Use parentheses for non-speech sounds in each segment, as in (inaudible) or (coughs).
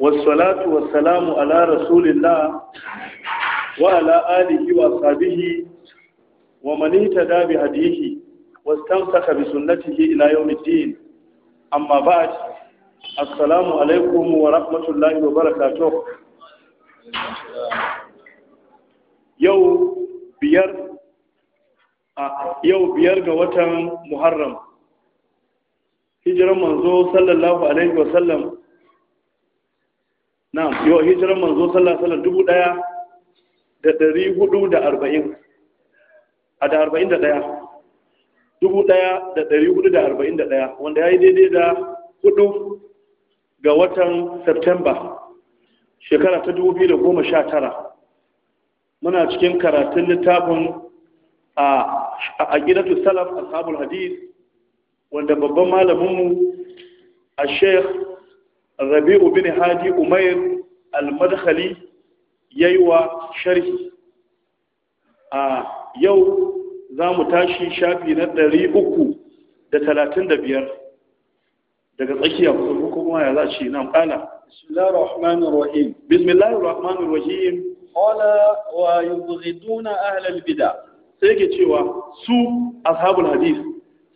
والصلاة والسلام على رسول الله وعلى آله وصحبه ومن اهتدى بهديه واستمسك بسنته إلى يوم الدين أما بعد السلام عليكم ورحمة الله وبركاته يوم بير yau biyar ga watan Muharram hijiran صلى الله عليه وسلم na yau hijiran manzo sallasalar dubu ɗaya da ɗari hudu da arba'in a da arba'in da ɗaya dubu ɗaya da ɗari hudu da arba'in da ɗaya wanda ya yi daidai da hudu ga watan septemba shekara ta dubu biyu da goma sha tara muna cikin karatun littafin a gidatu salaf ashabul hadis wanda babban malaminmu a sheikh rabi'u bin hadi umair al-madkhali yayi wa sharhi a yau za mu tashi shafi na ɗari uku da talatin da biyar daga tsakiya ko kuma ya za ce nan ƙala bismillahir rahmanir rahim bismillahir rahmanir rahim qala wa yubghiduna bid'a sai yake cewa su ashabul hadith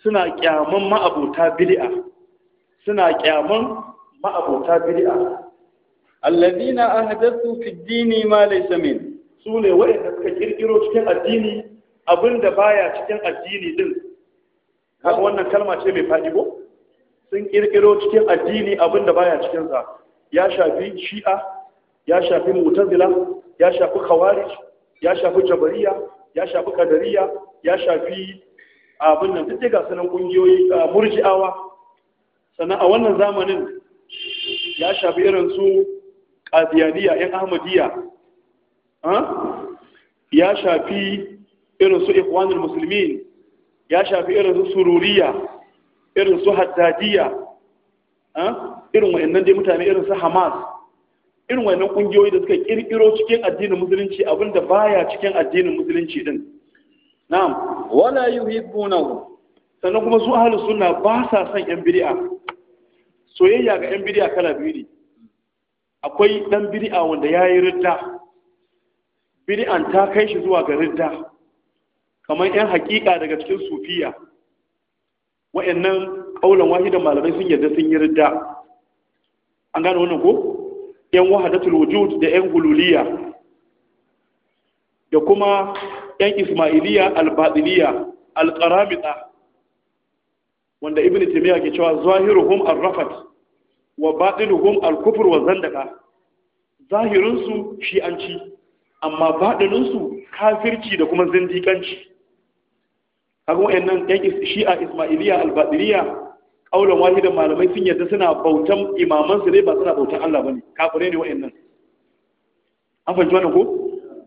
suna kyaman ma'abota bid'a suna kyaman ma'abota bid'a alladhina ahdathu fi dini ma laysa min sune waɗanda suka kirkiro cikin addini abinda baya cikin addini din ka wannan kalma ce mai fadi ko sun kirkiro cikin addini abinda baya cikin sa ya shafi shi'a ya shafi mu'tazila ya shafi khawarij ya shafi jabariya ya shafi kadariya ya shafi abin nan duk ga sanan kungiyoyi murji'awa sannan a wannan zamanin ya shafi irin su ƙadiyaniya yan ahmadiyya ya shafi irin su ikwanin Musulmi. ya shafi irin su sururiya irin su haddadiya irin wa'innan dai mutane irin su hamas irin wa'innan ƙungiyoyi da suka ƙirƙiro cikin addinin musulunci abinda baya cikin addinin musulunci din na'am wala hibbunan sannan kuma su ahlus sunna ba sa son yan biri’a soyayya ga 'yan bidiya kala biyu ne akwai ɗan bidiya wanda ya yi ridda bidiyan ta kai shi zuwa ga ridda kamar 'yan haƙiƙa daga cikin sufiya wa'annan ƙaunar da malamai sun yarda sun yi ridda an gane wannan ko 'yan wahadatul wujud da 'yan gululiya da kuma 'yan ismailiya albadiliya alƙaramita wanda ibn timiya ke cewa zahiruhum ar-rafat wa batiluhum al-kufr wa zandaka zahirun su shi'anci amma batinin su kafirci da kuma zindikanci kaga wayannan yan shi'a ismailiya al-badiriya kaulan wahidan malamai sun yadda suna bautan imaman su ne ba suna bautan Allah bane kafire ne wayannan an fahimci wannan ko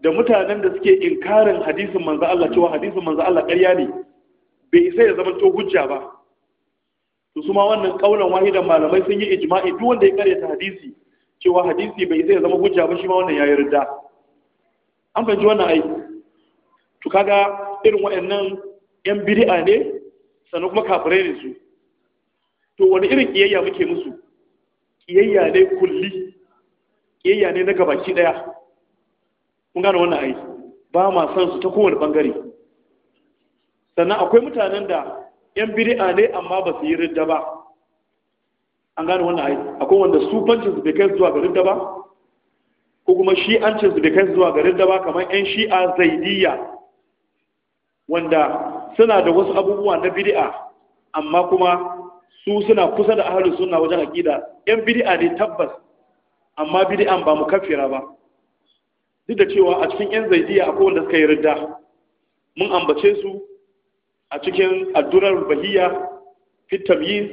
da mutanen da suke inkarin hadisin manzo Allah cewa hadisin manzo Allah ƙarya ne bai isa ya zama to hujja ba su wannan wannan kaulan wahidan malamai sun yi ijma'i duk wanda ya karyata hadisi cewa hadisi bai zai zama hujja ba shi ma wannan yayi ridda an fahimci wannan ai to kaga irin waɗannan yan bid'a ne sannan kuma kafirai ne su to wani irin kiyayya muke musu kiyayya ne kulli kiyayya ne na gabaki daya kun gane wannan ai ba ma san su ta kowane bangare sannan akwai mutanen da yan biri’a ne amma ba su yi ridda ba an gane wannan ai akwai wanda sufancin su bai kai zuwa ga ridda ba ko kuma shi'ancin su bekai zuwa ga ridda ba kamar yan shi'a zaidiyya wanda suna da wasu abubuwa na biri’a amma kuma su suna kusa da ahlus suna wajen haƙida yan biri’a ne tabbas amma biri’an ba mu kafira ba duk da cewa a cikin yan zaidiya akwai wanda suka yi ridda mun ambace su a cikin addurar bahiya fi tamyiz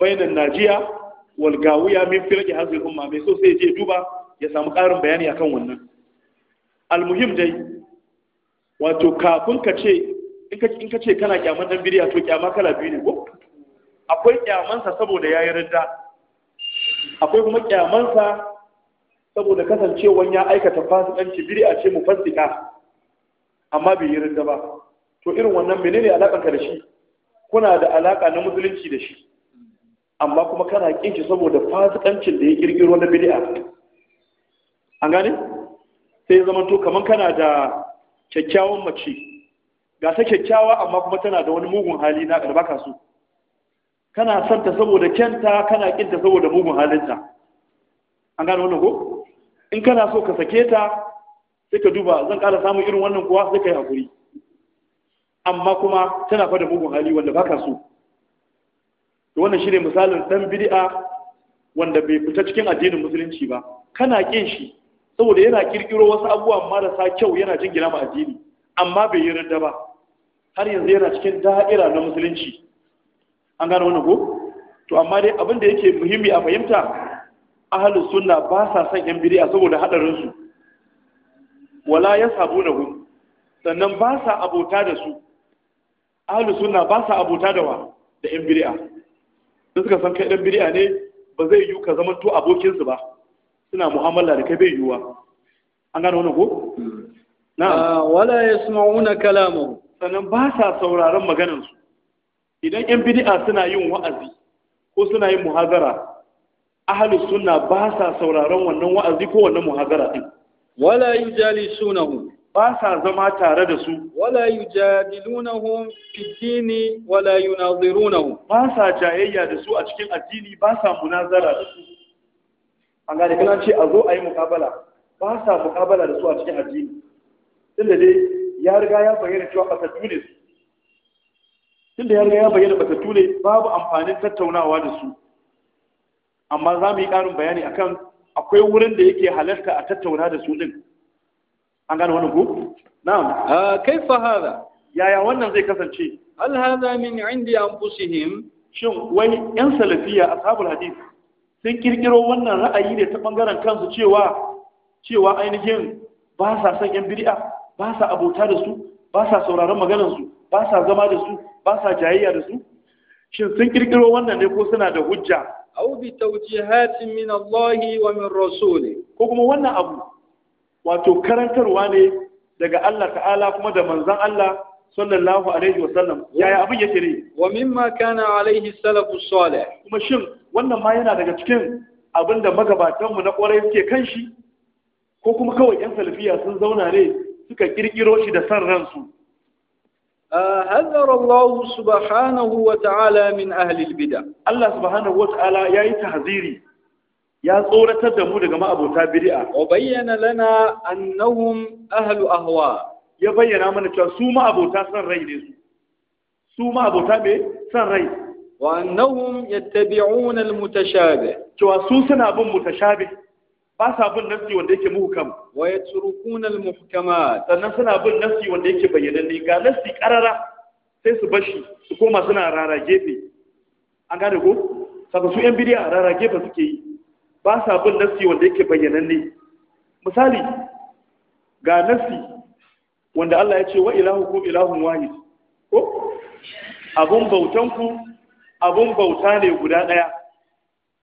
bainan najiya wal gawiya min firqi hazil umma mai so sai je duba ya samu ƙarin bayani akan wannan almuhim dai wato kafin ka ce in ka ce kana kyaman dan bidiya to kyama kala biyu ne ko akwai sa saboda yayi ridda akwai kuma sa saboda kasancewan ya aikata fasikanci a ce mu fasika amma bai yi ridda ba to irin wannan menene alakan da shi kuna da alaka na musulunci da shi amma kuma kana kin shi saboda fasikancin da ya kirkiro na bid'a an gane sai ya zama to kaman kana da kyakkyawan mace ga ta kyakkyawa amma kuma tana da wani mugun hali na karba ka so kana son ta saboda kyanta kana kin ta saboda mugun halinta an gane wannan ko in kana so ka sake ta sai ka duba zan ƙara samun irin wannan kuwa sai ka yi hakuri amma kuma tana fada mugun hali wanda ba ka so to wannan shine misalin dan bid'a wanda bai fita cikin addinin musulunci ba kana kin shi saboda yana kirkiro wasu abubuwa marasa kyau yana jin gina ma addini amma bai yi ridda ba har yanzu yana cikin da'ira na musulunci an gano wannan ko to amma dai abin da yake muhimmi a fahimta ahlus sunna ba sa son yan bid'a saboda hadarin su wala yasabunahum sannan ba sa abota da su ahalus sunna ba sa abota da wa da yan bid'a da suka san kai dan bid'a ne ba zai yiwu ka zama to abokin su ba suna mu'amala da kai bai yiwuwa an gano wannan ko na'am ah, wala yasma'una kalamu sannan ba sa sauraron maganar su idan yan bid'a suna yin wa'azi ko suna yin muhazara ahalus sunna ba sa sauraron wannan wa'azi ko wannan muhazara din wala yujalisunahu ba sa zama tare da su wala yujadilunahum fi dini wala yunazirunahum ba sa jayayya da su a cikin addini ba sa munazara da su an gane kana ce a zo a yi mukabala ba sa mukabala da su a cikin addini tunda dai ya riga ya bayyana cewa batattu su. tunda ya riga ya bayyana ta ne babu amfanin tattaunawa da su amma za mu yi ƙarin bayani akan akwai wurin da yake halarta a tattauna da su din an gano wannan ko na'am Kai hada yaya wannan zai kasance hal indi min indi anfusihim shin wani yan salafiya a sabul hadith sun kirkiro wannan ra'ayi ne ta bangaren kansu cewa cewa ainihin ba sa son yan biri'a? ba sa abota da su ba sa sauraron maganar ba sa zama da su ba sa jayayya da su shin sun kirkiro wannan ne ko suna da hujja au bi tawjihatin min Allah wa min rasuli ko kuma wannan abu wato karantarwa ne daga Allah ta'ala kuma da Manzan Allah sallallahu alaihi wasallam yaya abin yake ne wa mimma kana alaihi salafu salih kuma shin wannan ma yana daga cikin abinda magabatan mu na kwarai suke kan shi ko kuma kawai yan salafiya sun zauna ne suka kirkiro shi da san ransu hazara Allah subhanahu wa ta'ala min ahli al-bid'ah Allah subhanahu wa ta'ala yayi tahziri ya tsoratar da mu daga ma'abota bid'a wa bayyana lana annahum ahlu ahwa ya bayyana mana cewa su ma'abota san rai ne su su ma'abota me san rai wa annahum yattabi'un almutashabih cewa su suna bin mutashabih ba sa bin nasi wanda yake muhkam wa yatrukuna almuhkamat sannan suna bin nasi wanda yake bayyananne ga nasi karara sai su bashi su koma suna rara gefe an gane ko saboda su yan bid'a rara gefe suke yi ba sa bin nassi wanda yake bayyananne misali ga nassi wanda Allah ya ce wa ku ilahun wahid ko abun bautan ku abun bauta ne guda daya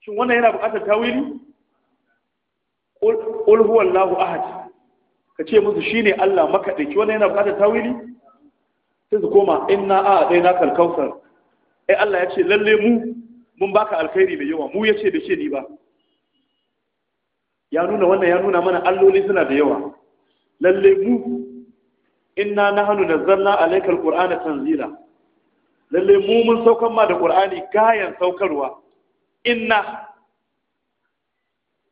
shin wannan yana buƙatar tawili qul huwallahu ahad ka ce musu shine Allah dake wannan yana buƙatar tawili sai su koma inna a dai na kalkausar ai Allah ya ce lalle mu mun baka alkhairi mai yawa mu yace da shi ni ba ya nuna wannan ya nuna mana alloli suna da yawa lalle mu inna nahnu nazzalna alayka alqur'ana tanzila lalle mu mun saukan ma da qur'ani gayan saukarwa inna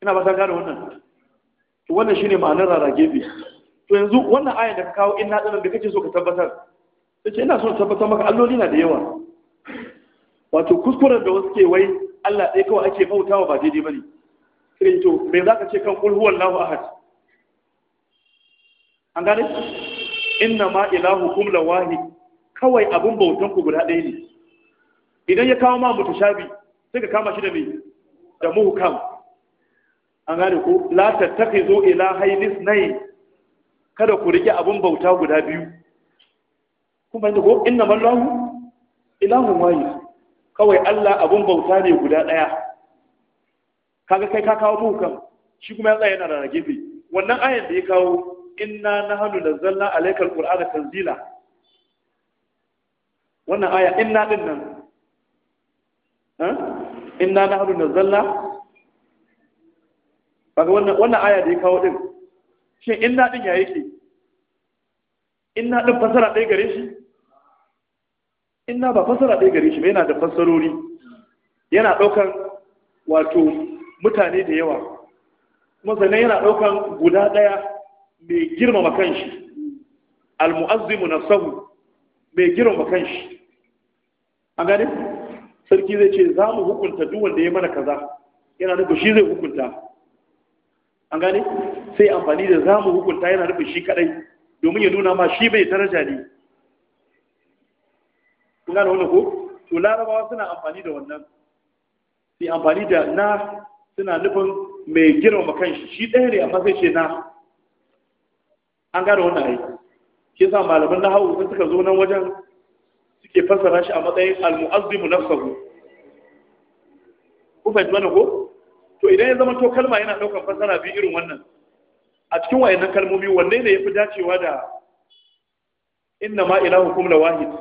ina ba san gane wannan to wannan shine ma'anar rarage to yanzu wannan aya da ka kawo inna dinan da kake so ka tabbatar sai ina so tabbatar maka alloli na da yawa wato kuskuren da wasu ke wai Allah ɗaya kawai ake bautawa ba daidai bane irin to me za ka ce kan kul huwallahu ahad an gane inna ma ilahukum lawahi kawai abun bautan ku guda ɗaya ne idan ya kawo ma shabi sai ka kama shi da me da muhkam an gane ko la tattakhizu ilahayn ithnayn kada ku rike abun bauta guda biyu kun fahimta ko inna mallahu ilahu wahid kawai Allah abun bauta ne guda ɗaya kaga kai ka kawo muhkam shi kuma ya tsaya yana da gefe wannan ayan da ya kawo inna nahnu nazzalna alayka alqur'ana tanzila wannan aya inna din nan inna nahnu nazzalna kaga wannan wannan aya da ya kawo din shin inna din ya yake inna din fasara ɗaya gare shi inna ba fasara ɗaya gare shi ba yana da fassarori yana ɗaukar wato mutane da yawa kuma sannan yana ɗaukan guda ɗaya mai girmama kanshi almu'azzimu nafsahu mai girmama kanshi an gane sarki zai ce za mu hukunta duk wanda ya mana kaza yana da shi zai hukunta an gane sai amfani da za mu hukunta yana nufin shi kadai domin ya nuna ma shi bai daraja ne kun gane wannan ko to larabawa suna amfani da wannan sai amfani da na suna nufin mai girma kanshi shi ɗaya ne a matsayin na an gane wannan aiki shi sa malaman na hau sun suka zo nan wajen suke fassara shi a matsayin mu nafsahu ku fahimci wannan ko to idan ya zama to kalma yana ɗaukar fassara biyu irin wannan a cikin wayannan kalmomi wanne ne yafi dacewa da inna ma ilahukum la wahid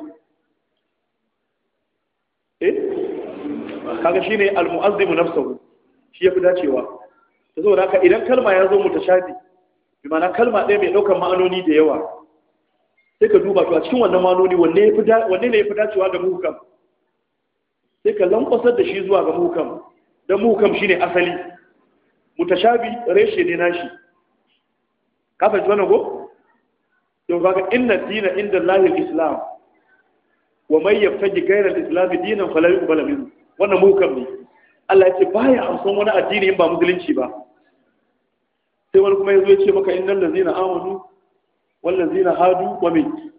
eh kaga shine almu'azzimu nafsahu shi ya fi dacewa ta zo da idan kalma ya zo shafi bi ma'ana kalma ɗaya mai ɗaukar ma'anoni da yawa sai ka duba to a cikin wannan ma'anoni wanne ne ya fi dacewa ga muhukam sai ka lankwasar da shi zuwa ga muhukam don muhukam shine asali shafi reshe ne nashi Kafin fahimci wannan ko yau kaga inna dina inda lahir islam wa mai yabtaji gairar islam dinan fala yuqbala minhu wannan muhukam ne Allah ya ce ya amsan wani addini in ba musulunci ba sai wani kuma yazo ya ce maka Inna ladzina amanu wal ladzina hadu wa min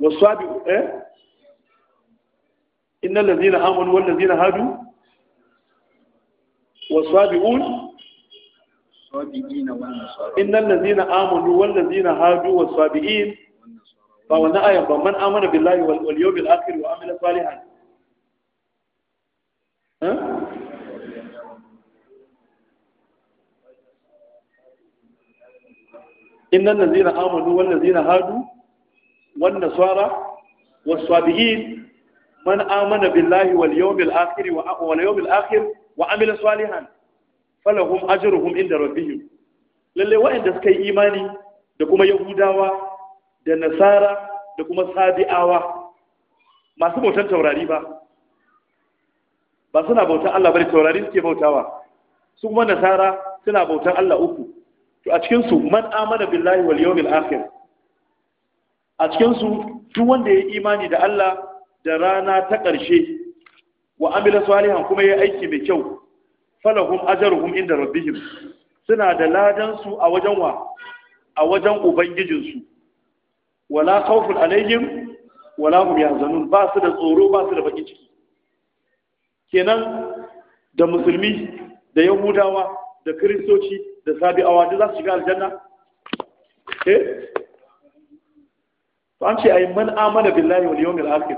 wasabi eh innal ladzina amanu wal ladzina hadu wasabiun innal ladzina amanu wal hadu ba man amana billahi wal yawmil akhir wa amila salihan innan nazina amanu wal nazina hadu wan nasara was sabihin man amana billahi wal yawmil akhir wa wal yawmil akhir wa amila salihan falahum ajruhum inda rabbihim lalle wa'anda suka yi imani da kuma yahudawa da nasara da kuma sabi'awa masu bautan taurari ba ba suna bautan Allah bari taurari suke bautawa su kuma nasara suna bautan Allah uku to a cikin su man amana billahi wal yawmil akhir a cikin su duk wanda ya imani da Allah da rana ta ƙarshe wa amila salihan kuma ya aiki mai kyau falahum ajruhum inda rabbihim suna da ladan su a wajen wa a wajen ubangijin su wala khawfun alaihim wala hum yahzanun ba su da tsoro ba su da bakin ciki kenan da musulmi da yahudawa da kiristoci da sabi'awa duk za su shiga aljanna eh to an ce ai man amana billahi wal yawmil akhir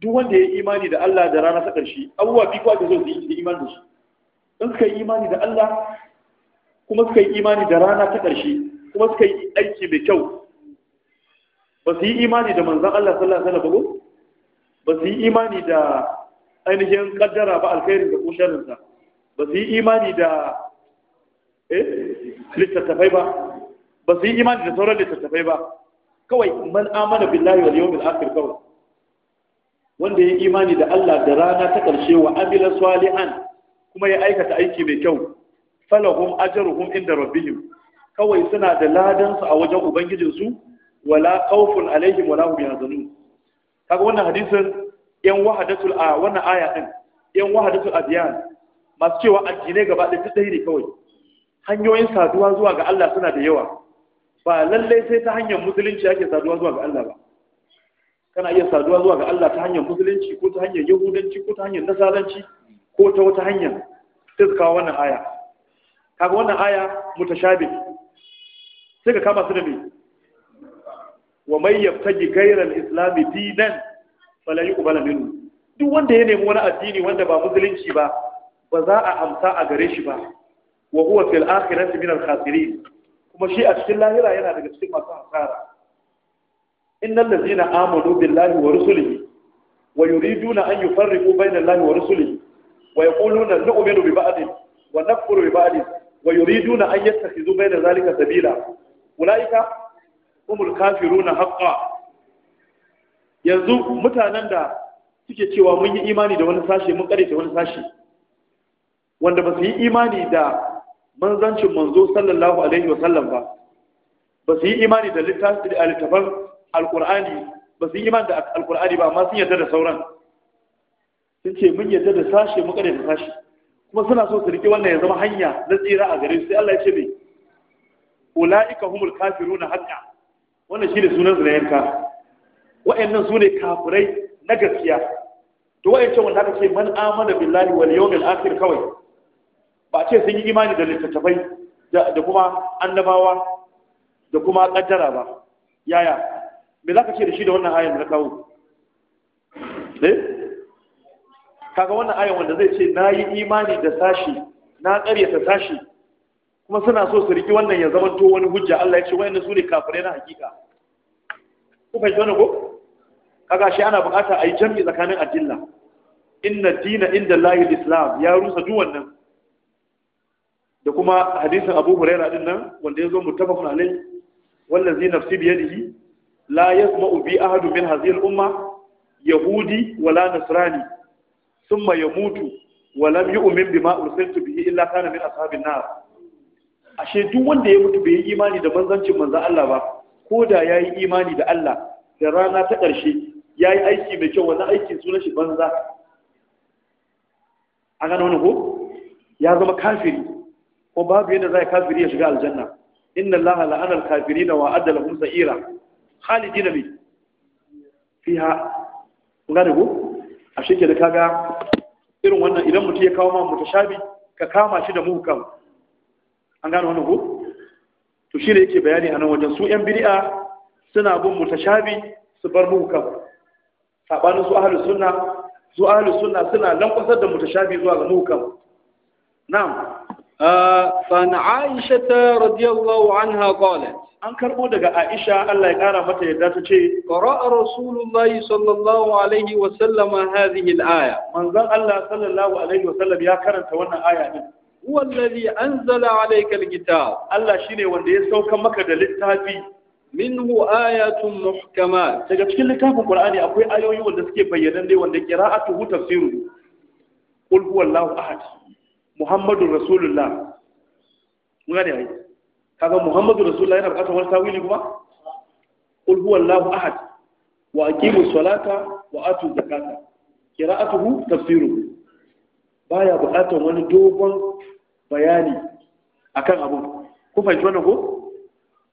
duk wanda ya yi imani da Allah da rana ta ƙarshe abubuwa biyu kwa da zo su yi imani da shi in suka yi imani da Allah kuma suka yi imani da rana ta ƙarshe kuma suka yi aiki mai kyau ba su yi imani da manzan Allah sallallahu alaihi wasallam ba su yi imani da ainihin kaddara ba alkhairin da kusharinsa ba su yi imani da eh, littattafai ba ba su yi imani da sauran littattafai ba kawai man amana billahi wal yawmil akhir kawai wanda ya imani da Allah da rana ta ƙarshe wa amila salihan kuma ya aikata aiki mai kyau falahum ajruhum inda rabbihim kawai suna da ladan su a wajen ubangijin su wala khawfun alaihim wala hum yahzanun kaga wannan hadisin yan wahadatul a wannan aya din yan wahadatul adiyan masu cewa addinai gaba ɗaya duk ɗaya ne kawai hanyoyin saduwa zuwa ga Allah suna da yawa ba lallai sai ta hanyar musulunci ake saduwa zuwa ga Allah ba kana iya saduwa zuwa ga Allah ta hanyar musulunci ko ta hanyar yahudanci ko ta hanyar nasaranci ko ta wata hanyar ta su wannan aya kaga wannan aya mutashabi sai ka kama su da me wa may yabtaji ghayra al-islam dinan fala yuqbala minhu duk wanda ya nemi wani addini wanda ba musulunci ba ba za a amsa a gare shi ba wa huwa fil akhirati min al khasirin kuma shi a cikin lahira yana daga cikin masu hasara innal ladzina amanu billahi wa rusulihi wa yuriduna an yufarriqu bayna allahi wa rusulihi wa yaquluna nu'minu bi ba'din wa nakfuru bi ba'din wa yuriduna an yattakhidhu bayna dhalika sabila ulaika humul kafiruna haqqan yanzu mutanen da suke cewa mun yi imani da wani sashe mun kare da wani sashe wanda ba su yi imani da manzancin manzo sallallahu alaihi wasallam ba ba su yi imani da littafin alkur'ani ba su yi imani da alkur'ani ba amma sun yarda da sauran sun ce mun yarda da sashe mun kare da sashe kuma suna so su riƙe wannan ya zama hanya na tsira a gare su sai Allah ya ce mai ula'ika humul kafiruna hatta wannan shine sunan zurayenka wa'annan su ne kafirai na gaskiya to wa'ancan wanda aka ce man amana billahi wal yawmil akhir kawai ba ce sun yi imani da littattafai da kuma annabawa da kuma kaddara ba yaya me zaka ce da shi da wannan ayan da kawo ne eh? kaga wannan ayan wanda zai ce na yi imani da sashi na ƙaryata sashi kuma suna so su riki wannan ya zama to wani hujja Allah ya ce wayannan su ne kafirai na hakika ku fahimci wannan ko kaga shi ana bukata a yi jam'i tsakanin adilla inna dina inda layi islam ya rusa duk wannan da kuma hadisin abu huraira din nan wanda ya zo mutafakun alai wallazi nafsi biyadihi la yasma'u bi ahadu min hadhihi al yahudi wala nasrani thumma mutu, wa lam yu'min bima ursiltu bihi illa kana min ashabin nar ashe duk wanda ya mutu bai yi imani da manzancin manza Allah ba ko da yayi imani da Allah da rana ta ƙarshe ya yi aiki mai kyau wannan aikin suna shi banza a gano wani ko ya zama kafiri ko babu yadda za a kafiri ya shiga aljanna inna allaha la'ana al wa'adda lafi sa'ira hali gina mai fi fiha gane ko a shi da kaga irin wannan idan mutum ya kawo ma shabi ka kama shi da muhkam an gane wannan ko to shi ne yake bayani a nan wajen su yan biri'a suna bin mutashabi su bar muhkam sabanin su ahlus suna su ahlus sunna suna lankwasar da mutashabi zuwa ga muhkam na'am فعن عائشة رضي الله Anha قالت an karbo daga Aisha Allah ya kara mata yadda ta ce qara'a Rasulullahi sallallahu alaihi wa sallam hadhihi al-aya manzon Allah sallallahu alaihi wa sallam ya karanta wannan aya din huwa alladhi anzala alayka al-kitab Allah shine wanda ya sauka maka da littafi minhu ayatun muhkamat daga cikin littafin qur'ani akwai ayoyi wanda suke bayyana dai wanda qira'atuhu tafsiru qul huwallahu ahad muhammadur rasulullah mun gane ai kaga muhammadur rasulullah yana bukatar wani tawili kuma qul huwallahu ahad wa aqimus salata wa atu zakata qira'atuhu tafsiru baya bukatar wani dogon bayani akan abu ku fahimci wannan ko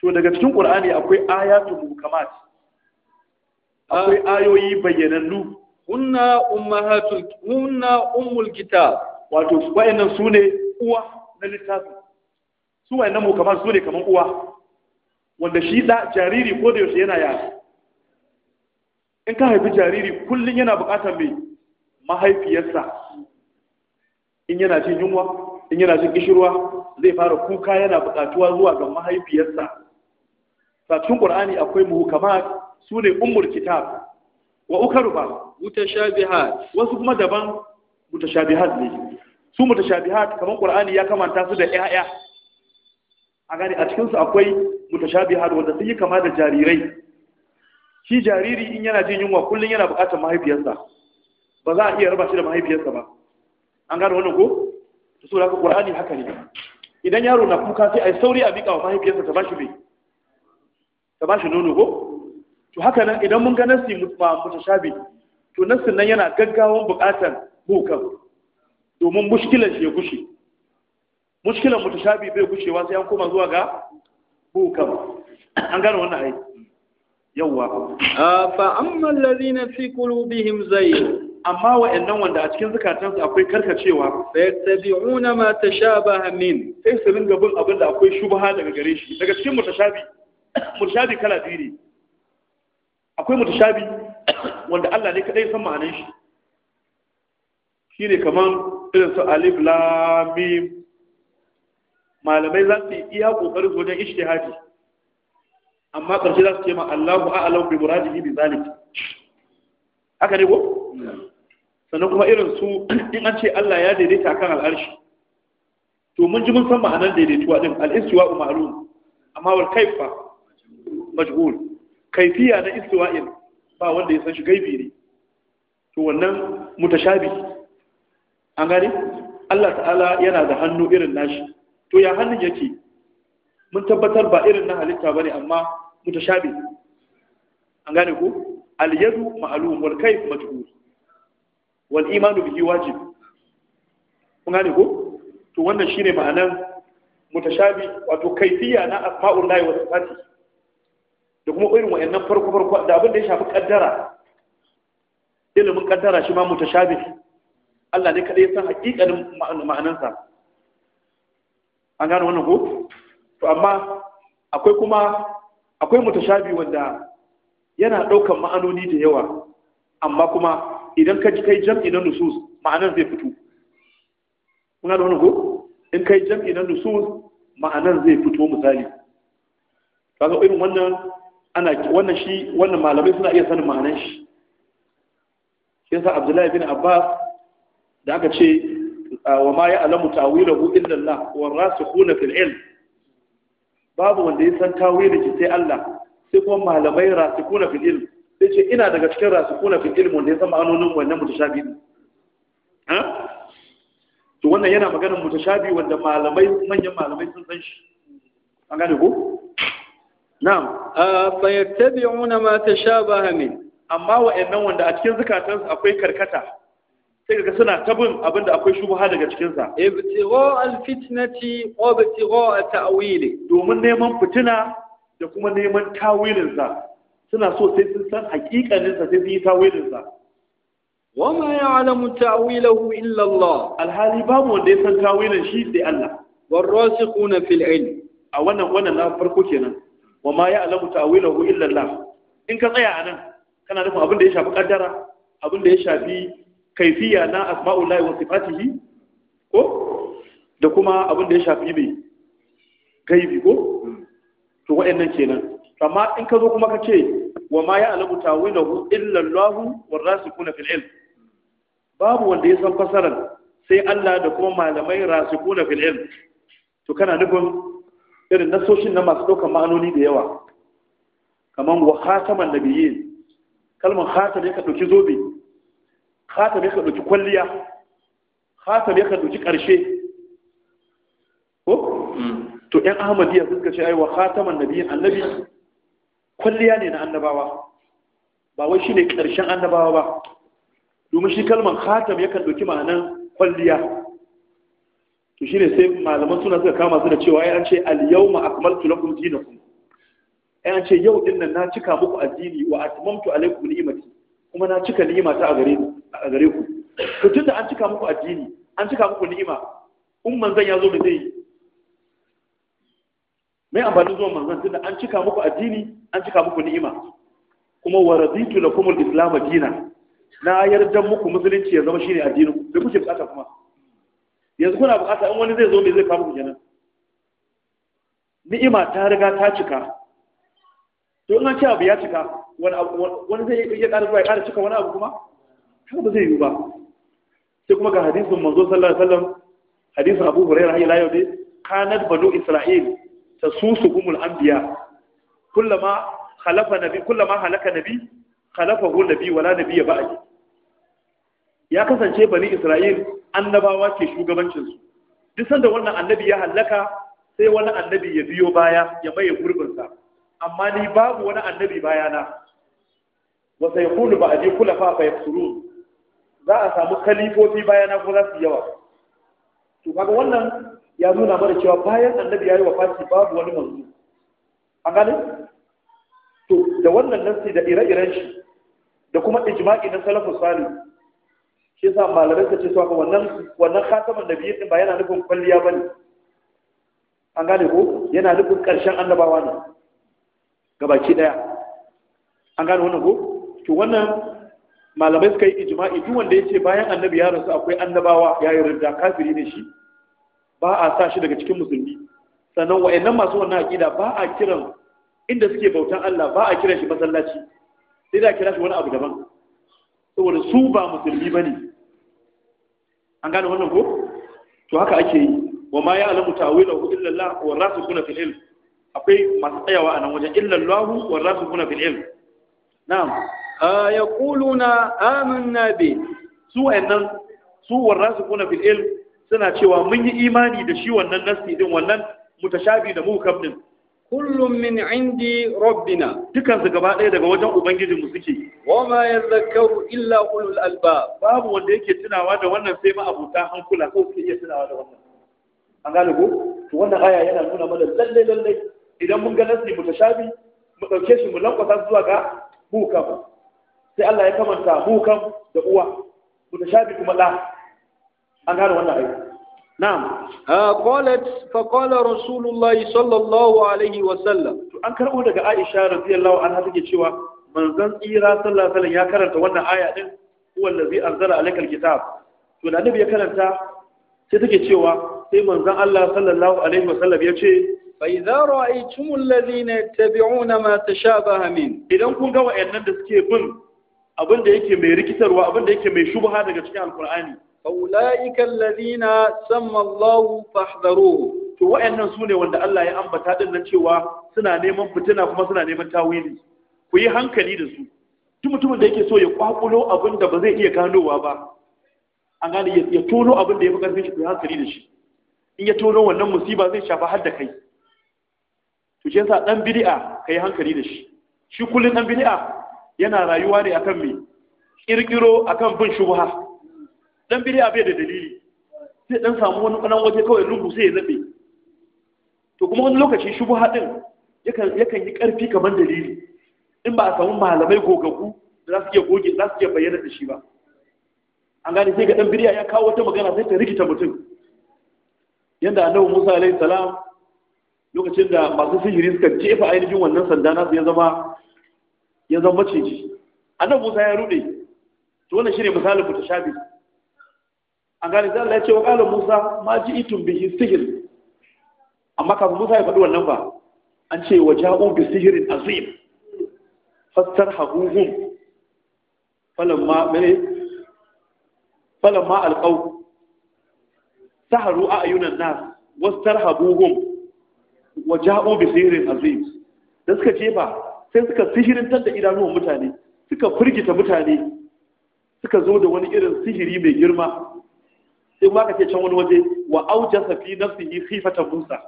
to daga cikin qur'ani akwai ayatul muhkamat akwai ah. ayoyi bayyanannu hunna ummahatul hunna umul kitab wato wayannan sune uwa na littafi su wayannan muhkamat sune kaman uwa wanda shi da jariri ko da yaushe yana yaya in ka haifi jariri kullum yana buƙatar mai mahaifiyarsa in yana cin yunwa in yana cin kishirwa zai fara kuka yana buƙatuwa zuwa ga mahaifiyarsa cikin qur'ani akwai su ne ummul kitab wa ukaruba mutashabihat wasu kuma daban mutashabihat ne su mutashabihat kamar qur'ani ya kamanta su da ƴaƴa a gani a cikin su akwai mutashabihat wanda sun yi kama da jarirai shi jariri in yana jin yunwa kullun yana buƙatar mahaifiyarsa ba za a iya raba shi da mahaifiyarsa ba an gane wannan ko to so da qur'ani haka ne idan yaro na kuka sai ai sauri a bika wa mahaifiyarsa ta bashi bai ta ba shi nono ko to haka nan idan mun ga nasi shabi, to nasin nan yana gaggawan bukatar bukan domin mushkilar shi ya gushe mutu shabi bai gushewa sai an koma zuwa ga bukan an gano wannan ai yawwa fa amma allazina fi qulubihim zayg amma wa'annan wanda a cikin zukatansu akwai karkacewa fayattabi'una ma tashabaha min sai su ringa bin abin da akwai shubaha daga gare shi daga cikin mutashabi (coughs) mutashabi kala biyu ne akwai mutashabi (coughs) wanda Allah ne kadai san ma'anar shi shine kaman irin su alif lam mim malamai za su iya kokarin su wajen ijtihadi amma karshe za su ce ma Allahu a'lam bi muradihi bi zalik haka ne ko sannan kuma irin su (coughs) in an ce Allah ya daidaita kan al'arshi to mun ji mun san ma'anar daidaituwa din al-istiwa'u ma'lum amma wal kaifa majhul kaifiya na istiwa'in ba wanda ya san shi gaibi ne to wannan mutashabi an gane Allah ta'ala yana da hannu irin nashi to ya hannun yake mun tabbatar ba irin na halitta bane amma mutashabi an gane ko al-yadu ma'lum wal kayf majhul wal imanu bihi wajib kun gane ko to wannan shine ma'anan mutashabi wato kaifiya na asma'ullahi wa sifatihi da kuma irin wa'annan farko farko da abin da ya shafi kaddara ilimin kaddara shi ma mutashabih Allah ne kada ya san hakikanin ma'anansa an gano wannan ko to amma akwai kuma akwai mutashabi wanda yana daukan ma'anoni da yawa amma kuma idan ka kai jam'i na nusus ma'anar zai fito kun gano wannan ko in kai jam'i na nusus ma'anar zai fito misali kaga irin wannan ana wannan shi wannan malamai suna iya sanin ma'anar shi shi yasa abdullahi bin abbas da aka ce wa ma ya alamu ta'wilahu illa allah wa rasikhuna fil ilm babu wanda ya san tawilin shi sai Allah sai kuma malamai rasikhuna fil ilm sai ce ina daga cikin rasikhuna fil ilm wanda ya san ma'anonin wannan mutashabi ha to wannan yana maganar mutashabi wanda malamai manyan malamai sun san shi an gane ko na'am fayattabi'una ma ba min amma wa'annan wanda a cikin zukatansu akwai karkata sai kaga suna tabin abinda akwai shubha daga cikinsa. sa ibtigha alfitnati wa ibtigha ta'wili domin neman fitina da kuma neman tawilinsa, suna so sai sun san hakikanin sai sun yi tawilinsa. sa wa ma ya'lamu ta'wilahu illa Allah alhali babu wanda ya san tawilin shi sai Allah warasikhuna fil ilm a wannan wannan na farko kenan wa ma alamu ta'wilahu illa Allah in ka tsaya anan kana nufin abin da ya shafi kaddara abin da ya shafi kaifiya na asma'ullahi wa sifatihi ko da kuma abin da ya shafi mai gaibi ko to wa'annan kenan amma in ka zo kuma ka ce wa ma alamu ta'wilahu illa Allah wa rasikuna fil ilm babu wanda ya san fasaran sai Allah da kuma malamai rasikuna fil ilm to kana nufin irin nasoshin na masu ɗaukar ma'anoni da yawa kamar wa da biye kalmar hata ne ka ɗauki zobe hata ne ka ɗauki kwalliya hata ne ka ɗauki ƙarshe ko mm. to ƴan ahmadiyya suka ce ai wa da biye annabi kwalliya ne na annabawa ba wai shi ne ƙarshen annabawa ba domin shi kalmar khatam yakan ɗauki ma'anan kwalliya to shine sai malaman suna suka kama su da cewa ya ce al yawma akmaltu lakum dinakum ai an ce yau din nan na cika muku addini wa atmamtu alaykum ni'mati kuma na cika ni'ima ta a gare ku a gare ku to tunda an cika muku addini an cika muku ni'ima umman manzon ya zo da zai mai amfani zuwa manzan tunda an cika muku addini an cika muku ni'ima kuma wa raditu lakum al-islam dinan na yarda muku musulunci ya zama shine addinin ku kuke bukata kuma yanzu kuna bukata in wani zai zo mai zai kawo muku kenan ni'ima ta riga ta cika to ina ce abu ya cika wani zai iya ƙara zuwa ya ƙara cika wani abu kuma kan ba zai yi ba sai kuma ga hadisin manzo sallallahu alaihi wasallam hadisin Abu Hurairah hayya yau dai kanat banu Isra'il gumul anbiya kullama khalafa nabi kullama halaka nabi khalafahu nabi wala nabiyya ba'di ya kasance bani Isra'il annabawa ke shugabancinsu duk sanda wannan annabi ya hallaka sai wani annabi ya biyo baya ya maye gurbinsa amma ni babu wani annabi bayana wa sai kullu ba aje kula fa fayasurun za a samu kalifofi bayana ko za su yawa to kaga wannan ya nuna mana cewa bayan annabi yayi wafati babu wani manzo an gane to da wannan nasi da ire-iren shi da kuma ijma'i na salafus salih shi yasa malamai ka ce su haka wannan wannan khataman da din ba yana nufin kwalliya bane an gane ko yana nufin karshen annabawa ne gabaki daya an gane wannan ko to wannan malamai suka yi ijma'i duk wanda yace bayan annabi ya rasu akwai annabawa yayi rinda kafiri ne shi ba a sa shi daga cikin musulmi sannan wa'annan masu wannan aqida ba a kiran inda suke bautan Allah ba a kiran shi masallaci sai da kira shi wani abu daban saboda su ba musulmi bane an gane wannan ko to haka ake yi wa ma ya alamu ta'wilahu illa Allah wa rasuluna fil ilm akwai masu tsayawa a nan wajen illa Allah wa rasuluna fil ilm na'am A yaquluna amanna bi su wayannan su wa rasuluna fil ilm suna cewa mun yi imani da shi wannan nasti din wannan mutashabi da muhkam din kullum min indi rabbina dukansu gaba ɗaya daga wajen ubangijin mu suke wa ma yadhakkaru illa ulul alba babu wanda yake tunawa da wannan sai ma abuta hankula ko suke iya tunawa da wannan an gane ko to wannan aya yana nuna mana lalle lalle idan mun ga nasi mutashabi mu dauke shi mu lankwasa zuwa ga hukam sai Allah ya kamanta hukam da uwa mutashabi kuma da an gane wannan ayi na'am qalat fa qala rasulullahi sallallahu alaihi wa sallam to an karbo daga Aisha radiyallahu anha take cewa manzon tsira sallallahu ya karanta wannan aya din huwa allazi anzala alayka to da annabi ya karanta sai take cewa sai manzon Allah sallallahu alaihi wa sallam ya ce fa idza ra'aytumul ladina yattabi'una ma tashabaha min idan kun ga wayannan da suke bin abin da yake mai rikitarwa abin da yake mai daga cikin Alkur'ani. فأولئك الذين سمى الله فاحذروه to wa'annan su ne wanda Allah ya ambata din nan cewa suna neman fitina kuma suna neman tawili ku yi hankali da su duk mutumin da yake so ya kwakulo abin da ba zai iya ganowa ba an gane ya tono abin da ya fi karfin shi ku yi hankali da shi in ya tono wannan musiba zai shafa har da kai to shi yasa dan bid'a kai hankali da shi shi kullun dan bid'a yana rayuwa ne akan me kirkiro akan bin shubha dan biriya bai da dalili sai dan samu wani kanan waje kawai rubu sai ya zabe to kuma wani lokaci shubha din yakan yakan yi karfi kamar dalili in ba a samu malamai gogaggu da za su iya goge za su iya bayyana da shi ba an gane sai ga dan bid'a ya kawo wata magana sai ta rikita mutum yanda annabi Musa alaihi salam lokacin da masu sihiri suka jefa ainihin wannan sanda nasu ya zama ya zama maciji annabi Musa ya rude to wannan shine misalin mutashabi an gane sai Allah ya ce wa qala Musa ma ji itun bihi sihir amma kafin Musa ya faɗi wannan ba an ce wa ja'u bi sihirin azim fastarhabuhum falamma mene falamma alqaw saharu a'yunan nas wastarhabuhum wa ja'u bi sihirin azim da suka jefa sai suka sihirin da idanuwan mutane suka firgita mutane suka zo da wani irin sihiri mai girma sai ma aka ce can wani waje wa aujasa fi yi khifata Musa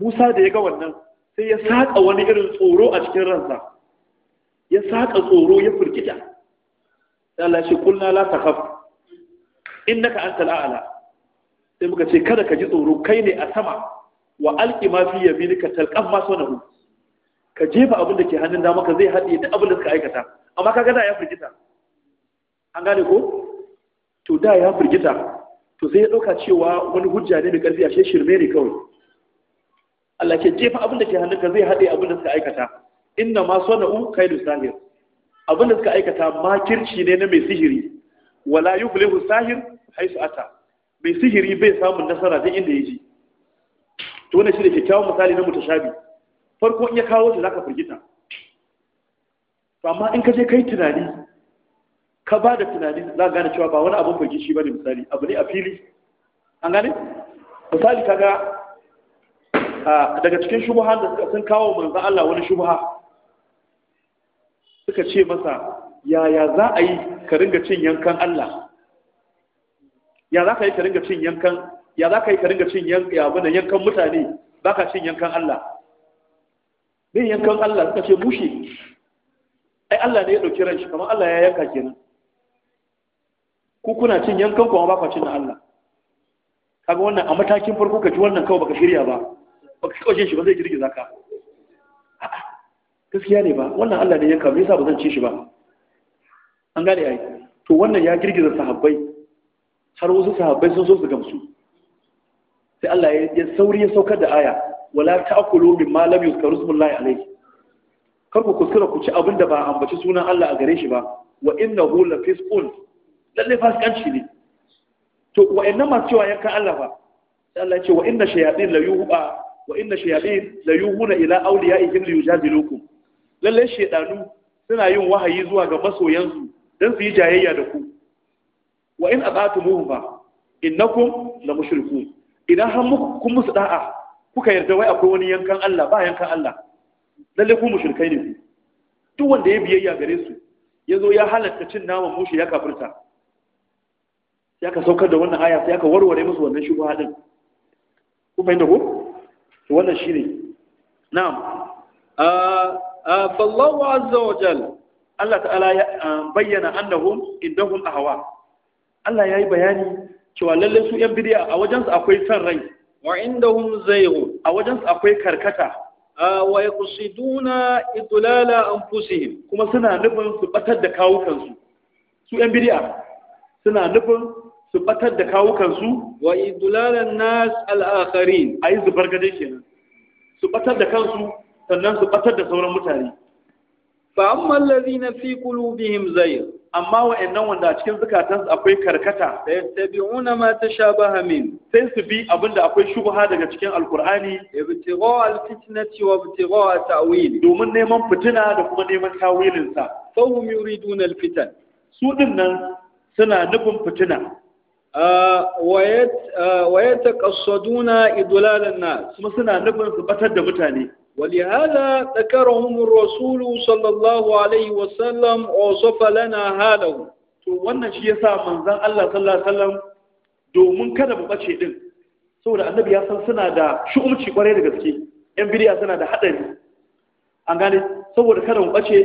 Musa da ya ga wannan sai ya saka wani irin tsoro a cikin ransa ya saka tsoro ya firgita sai Allah shi ce kulna la takhaf innaka antal a'la sai muka ce kada ka ji tsoro kai ne a sama wa alqi ma fi yaminika talqam ma sanahu ka jefa abin da ke hannun dama ka zai haɗe duk abin da suka aikata amma kaga da ya firgita an gane ko to da ya firgita to sai ya ɗauka cewa wani hujja ne mai ƙarfi a shirme ne kawai Allah ke jefa abin da ke hannunka zai haɗe abin da suka aikata inna ma sana'u kaidu sahir abin da suka aikata makirci ne na mai sihiri wala yuflihu sahir haisu ata mai sihiri bai samun nasara da inda yaji to wannan shine kyakkyawan misali na mutashabi farko in ya kawo shi zaka firgita to amma in ka je kai tunani ka ba da tunani za a gane cewa ba wani abin fage shi ne, misali abu ne a fili an gane misali ga daga cikin shubuhan da suka sun kawo manzan Allah wani shubuha suka ce masa yaya za a yi ka ringa cin yankan Allah ya za ka yi ka ringa cin yankan ya za ka yi ka cin yankan mutane ba ka cin yankan Allah bin yankan Allah suka ce bushe ai Allah ne ya ɗauki ranshi?' kamar Allah ya yanka kenan ku kuna cin yankan kuma ba ku cin na Allah kaga wannan a matakin farko ka ji wannan kawai baka shirya ba baka kaushe shi ba zai girgiza ka gaskiya ne ba wannan Allah ne yanka me yasa ba zan ci shi ba an gane ai to wannan ya girgiza sahabbai har wasu sahabbai sun so su gamsu sai Allah ya sauri ya saukar da aya wala ta'kulu mimma lam yuzkaru smullahi alayhi kar ku kuskura ku ci abin da ba ambaci sunan Allah a gare shi ba wa innahu lafisqun lalle fasikanci ne to wa inna masu cewa ka Allah ba sai Allah ya ce wa inna shayatin la yuha wa inna shayatin la yuhuna ila awliyaihim li yujadilukum lalle shedanu suna yin wahayi zuwa ga masoyansu dan su yi jayayya da ku wa in ata'tumuhum ba innakum la mushrikun idan har kun musu da'a kuka yarda wai akwai wani yankan Allah ba yankan Allah lalle ku mushrikai ne duk wanda ya biyayya gare su yazo ya halatta cin naman mushi ya kafirta Ya ka saukar da wannan aya sai aka warware musu wannan shubha din ku fahimta ko Wannan wannan ne. na'am fa Allahu azza wa jal Allah ta'ala ya bayyana annahum indahum ahwa Allah yayi bayani cewa lalle su yan bidiya a wajen su akwai san rai wa indahum zayru a wajen su akwai karkata wa yaqsiduna idlala anfusihim kuma suna nufin su batar da kawukansu su yan bidiya suna nufin su batar da kawukansu wa idlalan nas al-akharin ayi zubar gade kenan su batar da kansu sannan su batar da sauran mutane fa amma allazina fi qulubihim zayr amma wa'annan wanda a cikin zukatansu akwai karkata da yattabi'una ma tashabaha min sai su bi abinda akwai shubha daga cikin alqur'ani ibtigha alfitnati wa ibtigha ta'wil domin neman fitina da kuma neman tawilin sa hum yuriduna alfitan su dinnan suna nufin fitina wayata kasaduna idulalan na kuma suna nufin su batar da mutane ولهذا ذكرهم الرسول صلى alaihi عليه وسلم وصف لنا حالهم to wannan shi yasa manzon Allah sallallahu alaihi wasallam domin kada mu bace din saboda annabi ya san suna da shu'umci kwarai da gaske yan bidiya suna da hadari an gane saboda kada mu bace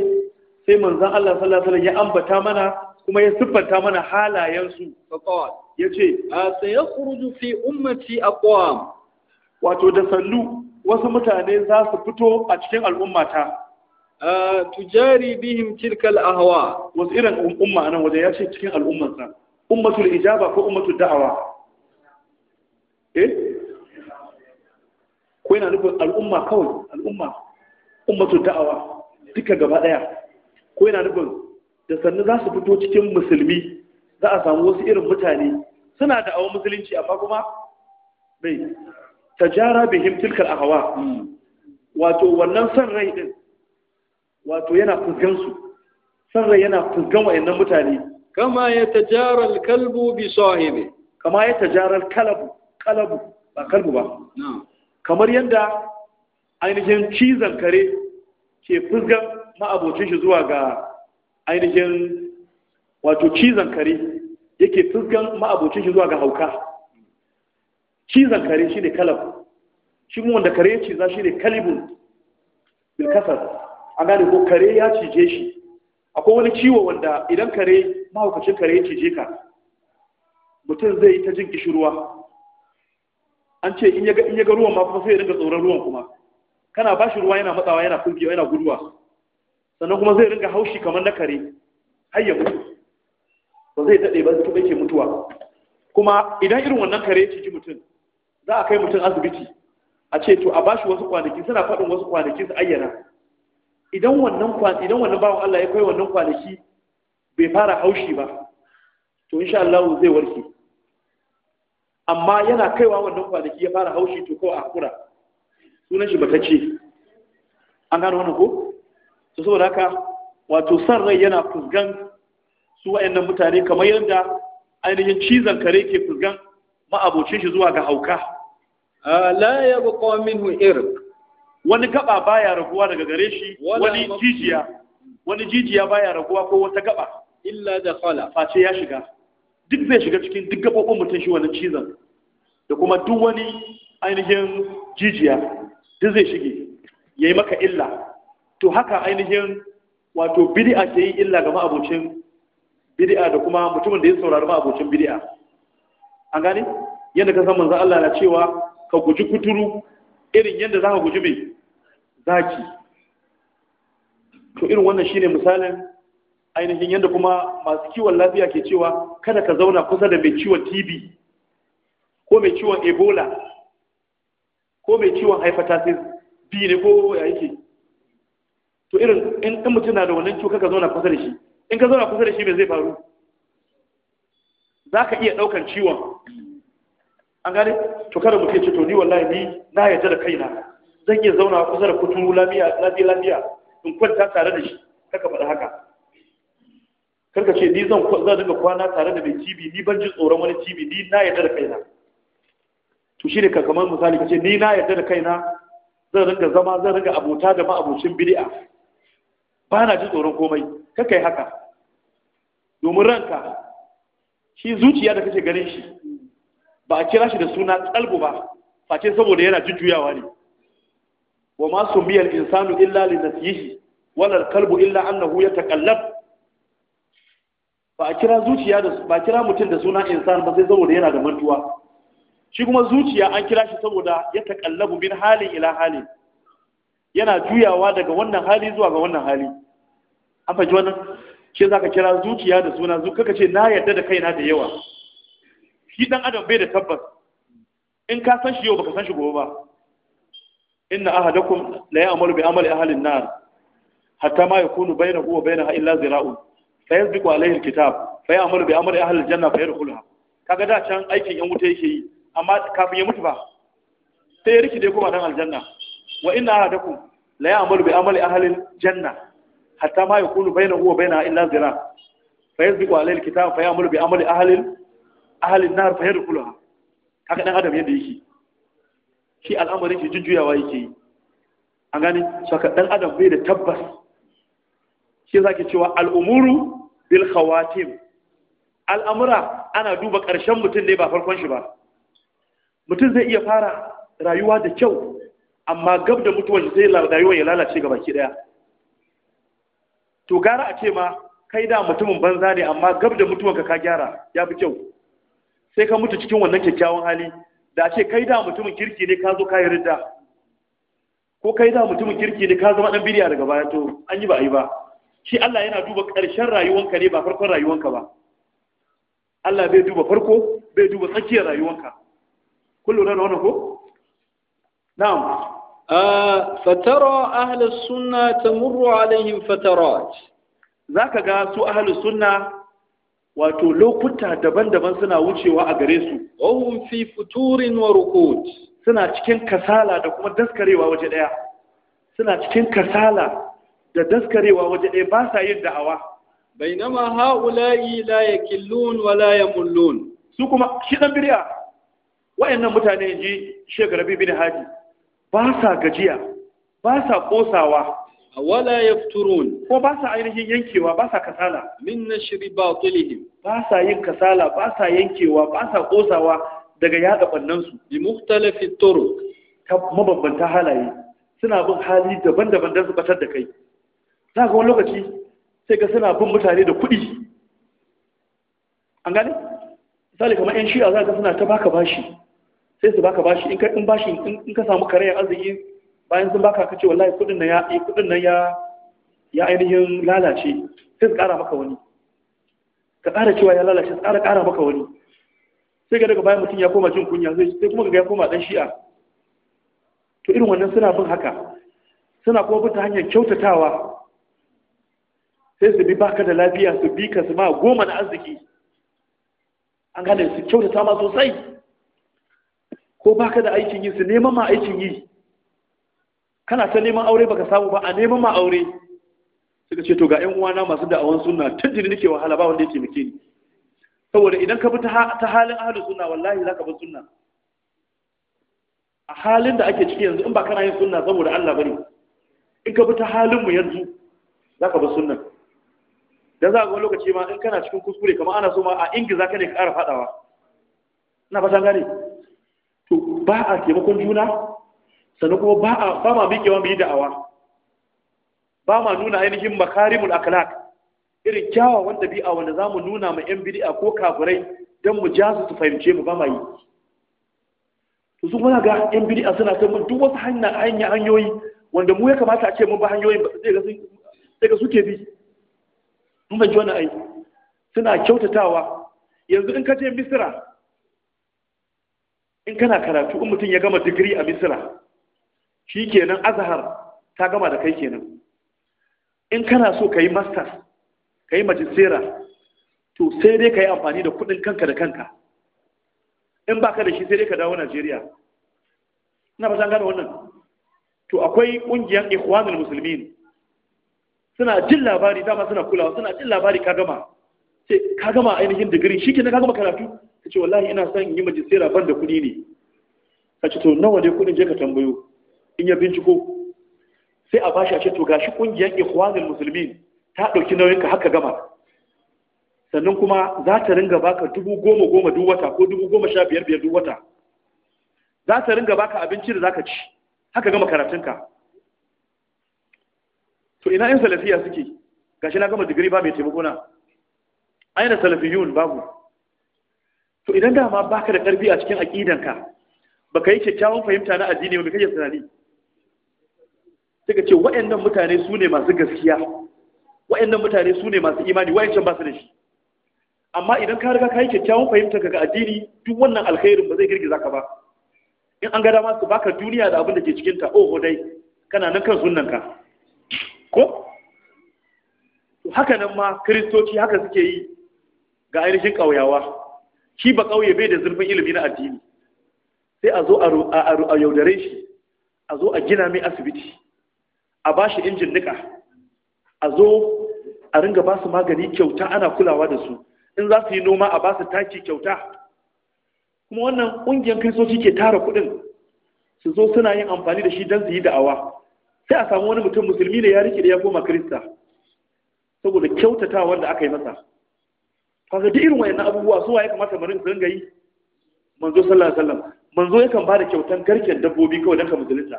sai manzon Allah sallallahu alaihi wasallam ya ambata mana kuma ya siffanta mana halayen su faqala yace a sayakhruju fi ummati aqwam wato da sallu wasu mutane za su fito a cikin al'ummata tujari bihim cirkal a hawa. wasu irin umma nan waje ce cikin al'ummarsa ummatul ijaba ko ummatul da'awa eh ko yana nufin al'umma kawai al'umma ummatul da'awa duka gaba daya ko yana nufin da sannu za su fito cikin musulmi za a samu wasu irin mutane suna da awon musulunci amma kuma bai tajara bihim a hawa. wato wannan san rai din wato yana fuskan su san rai yana fuskan wayannan mutane kama ya tajara kalbu bi sahibi kama ya tajara alkalbu kalabu ba kalbu ba kamar yadda ainihin cizon kare ke fuskan ma'abocin shi zuwa ga ainihin wato cizon kare yake fuskan ma'abocin shi zuwa ga hauka cizon kare shi ne kalab shi wanda kare ya ciza shi ne kalibun bilkasar an gane ko kare ya cije shi akwai wani ciwo wanda idan kare mahaukacin kare ya cije ka mutum zai ta jin kishirwa an ce in ya ga ruwan ma kuma sai ya dinga tsoron ruwan kuma kana ba shi ruwa yana matsawa yana kungiya yana guduwa sannan kuma zai ringa haushi kamar na kare har ya mutu ba zai daɗe ba zai ke mutuwa kuma idan irin wannan kare ya ciki mutum za a kai mutum asibiti a ce to a bashi wasu kwanaki suna faɗin wasu kwanaki su ayyana idan wannan kwanaki idan wannan bawan Allah ya kai wannan kwanaki bai fara haushi ba to insha Allah zai warke amma yana kaiwa wannan kwanaki ya fara haushi to ko a hakura sunan shi ce. an gano wannan ko to saboda haka wato san rai yana fuskan su wayannan mutane kamar yadda ainihin cizon kare ke fuzgan ma'abocin shi zuwa ga hauka ah, la yabqa minhu irq wani gaba baya raguwa daga gare shi wani jijiya wani jijiya baya raguwa ko wata gaba illa da khala face ya shiga duk zai shiga cikin duk gabobin mutum shi wannan cizon da kuma duk wani ainihin jijiya duk zai shige yayi maka illa to haka ainihin wato bid'a ke yi illa ga ma'abocin bid'a da kuma mutumin da ya saurari ma abocin bid'a an gane yadda ka san manzo Allah na cewa ka guji kuturu irin yadda za ka guji me zaki to irin wannan shine misalin ainihin yadda kuma masu kiwon lafiya ke cewa kada ka zauna kusa da mai ciwon TB ko mai ciwon Ebola ko mai ciwon hepatitis B ne ko ya yake to irin in mutum na da wannan ciwo kaka zauna kusa da shi in ka zauna kusa da shi me zai faru za ka iya ɗaukan ciwon an gane to kada mu ya ce to ni wallahi ni na yarda da kaina zan iya zauna kusa da kutu lafiya lafiya lafiya in kwanta tare da shi kaka faɗi haka karka ce ni zan zan dinga kwana tare da mai cibi ni ban ji tsoron wani cibi ni na yarda da kaina to shi ne ka kamar misali ka ce ni na yarda da kaina zan dinga zama zan dinga abota da ma'abocin bid'a ba na ji tsoron komai kaka yi haka domin ranka shi zuciya da kake ganin shi ba a kira shi da suna tsalbu ba face saboda yana jujjuyawa ne wa ma sumbiyal insanu illa li nasihi wala kalbu illa annahu yataqallab ba a kira zuciya da ba kira mutum da suna insan ba sai saboda yana da mantuwa shi kuma zuciya an kira shi saboda ya taqallabu min halin ila halin yana juyawa daga wannan hali zuwa ga wannan hali an fahimci wannan shi za ka kira zuciya da suna zu kaka ce na yarda da kaina da yawa shi dan adam bai da tabbas in ka san shi yau baka san shi gobe ba inna ahadakum la ya'malu bi amali ahli an-nar hatta ma yakunu bainahu wa bainaha illa zira'un fa yasbiqu alayhi al-kitab fa ya'malu bi amali ahli al-janna fa yadkhulha kaga da can aikin yan wuta yake yi amma kafin ya mutu ba sai ya dai kuma dan aljanna wa inna ahadakum la ya'malu bi amali ahli al-janna hatta ma yakulu bainahu wa bainaha illa zira fa yazdiqu alayhi alkitab fa ya'malu bi amali ahli ahli an-nar fa yadkhuluha haka adam yadda yake shi al'amarin shi jujjuyawa yake yi an gani saka adam bai da tabbas shi yasa ke cewa al'umuru bil khawatim al'amura ana duba ƙarshen mutum ne ba farkon shi ba mutum zai iya fara rayuwa da kyau amma gab da mutuwar sai rayuwar ya lalace gaba ki daya to gara a ce ma kai da mutumin banza ne amma gab da mutuwanka ka gyara ya fi kyau sai ka mutu cikin wannan kyakkyawan hali da ce kai da mutumin kirki ne ka zo ka yi ridda ko kai da mutumin kirki ne ka zama dan bidiya daga baya to an yi ba a yi ba shi Allah yana duba ƙarshen rayuwanka ne ba farkon rayuwanka ba Allah bai duba farko bai duba tsakiyar rayuwanka kullu na wannan ko na'am fatara ahlus sunna tamurru alaihim fatarat zaka ga su ahlus sunna wato lokuta daban-daban suna wucewa a gare su wahum fi futurin wa rukud suna cikin kasala da kuma daskarewa waje daya suna cikin kasala da daskarewa waje daya ba sa yin da'awa bainama haula'i la yakillun wa la su kuma shi dan bid'a wayannan mutane ji shekarabi bin haji ba sa gajiya ba sa kosawa wala yafturun ko ba sa ainihin yankewa ba sa kasala min nashri batilihim ba sa yin kasala ba sa yankewa ba sa kosawa daga yada bannan su bi mukhtalafi ta mabambanta halaye suna bin hali daban-daban don su batar da kai za ga wani lokaci sai ga suna bin mutane da kuɗi an gane misali kamar 'yan shi'a za ga suna ta baka bashi sai su baka bashi in ka in bashi in ka samu karayar arziki bayan sun baka kace wallahi kudin nan ya eh, kudin nan ya ya ainihin lalace sai su kara maka wani ka kara cewa ya lalace su kara kara maka wani sai ga daga bayan mutum ya koma jin kunya sai kuma ga ya koma dan shi'a to irin wannan suna bin haka suna kuma bin ta hanyar kyautatawa sai su bi baka da lafiya su bi ka su ma goma na arziki an gane su kyautata ma sosai ko ba ka da aikin yi su neman ma aikin yi kana ta neman aure baka samu ba a neman ma aure suka ce to ga 'yan uwana masu da'awan sunna tun jini nake wahala ba wanda yake muke ni saboda idan ka bi ta halin ahlus sunna wallahi zaka bi sunna a halin da ake ciki yanzu in ba kana yin sunna saboda Allah bane in ka bi ta halin mu yanzu zaka bi sunna dan za ga wani lokaci ma in kana cikin kuskure kamar ana so ma a ingiza ka ne ka ƙara fadawa ina fatan gane to ba a taimakon juna sannan kuma ba a ba ma miƙewa mu yi da'awa ba ma nuna ainihin makarimul akhlaq irin kyawawan a wanda zamu nuna ma yan bid'a ko kafirai dan mu ja su su fahimce mu ba ma yi to su kuma ga yan bid'a suna ta mun duk wasu hanya hanya hanyoyi wanda mu ya kamata a ce mun ba hanyoyi sai ga sai ga suke bi mun ban ji wannan ai suna kyautatawa yanzu in ka je misira in kana karatu in mutum ya gama digiri a misira shi kenan azahar ta gama da kai kenan in kana so ka yi master ka yi majisera to sai dai ka yi amfani da kudin kanka da kanka in ba ka da shi sai dai ka dawo najeriya ina ba gane wannan to akwai ƙungiyar ikhwanul musulmi suna jin labari dama suna kulawa suna jin labari ka gama sai ka gama ainihin digiri shi kenan ka gama karatu kace wallahi ina son in yi majisera ban da kuɗi ne kace to nawa ne kudin je ka tambayo in ya binciko sai a bashi a ce to gashi kungiyar ikhwanul muslimin ta ɗauki nauyin ka haka gama sannan kuma za ta ringa baka dubu goma goma duk wata ko dubu goma sha biyar biyar duk wata za ta ringa baka abinci da za ka ci haka gama karatunka to ina yin salafiya suke gashi na gama digiri ba mai taimako na aina salafiyun babu to idan dama baka da ƙarfi a cikin aƙidanka ka yi kyakkyawan fahimta na addini ba kake tunani sai ce waɗannan mutane su ne masu gaskiya waɗannan mutane su ne masu imani can ba su da shi amma idan ka riga ka yi kyakkyawan fahimta ga addini duk wannan alkhairin ba zai girgiza ka ba in an ga dama su baka duniya da abin da ke cikinta oho dai kana nan kan sunnan ka ko haka nan ma Kristoci haka suke yi ga ainihin ƙauyawa shi ba kauye bai da zurfin ilimi na addini sai a zo a yaudare shi a zo a gina mai asibiti a ba shi injin nika a zo a ringa ba su magani kyauta ana kulawa da su in za su yi noma a ba su taki kyauta kuma wannan ƙungiyar kristoci ke tara kuɗin su zo suna yin amfani da shi don su yi da'awa sai a samu wani mutum musulmi ne ya rike da ya koma krista saboda kyautatawa wanda aka yi masa kaga duk irin wayannan abubuwa su waye kamata mu rinka yi manzo sallallahu alaihi wasallam manzo yakan bada kyautan garken dabbobi kawai dan ka musulunta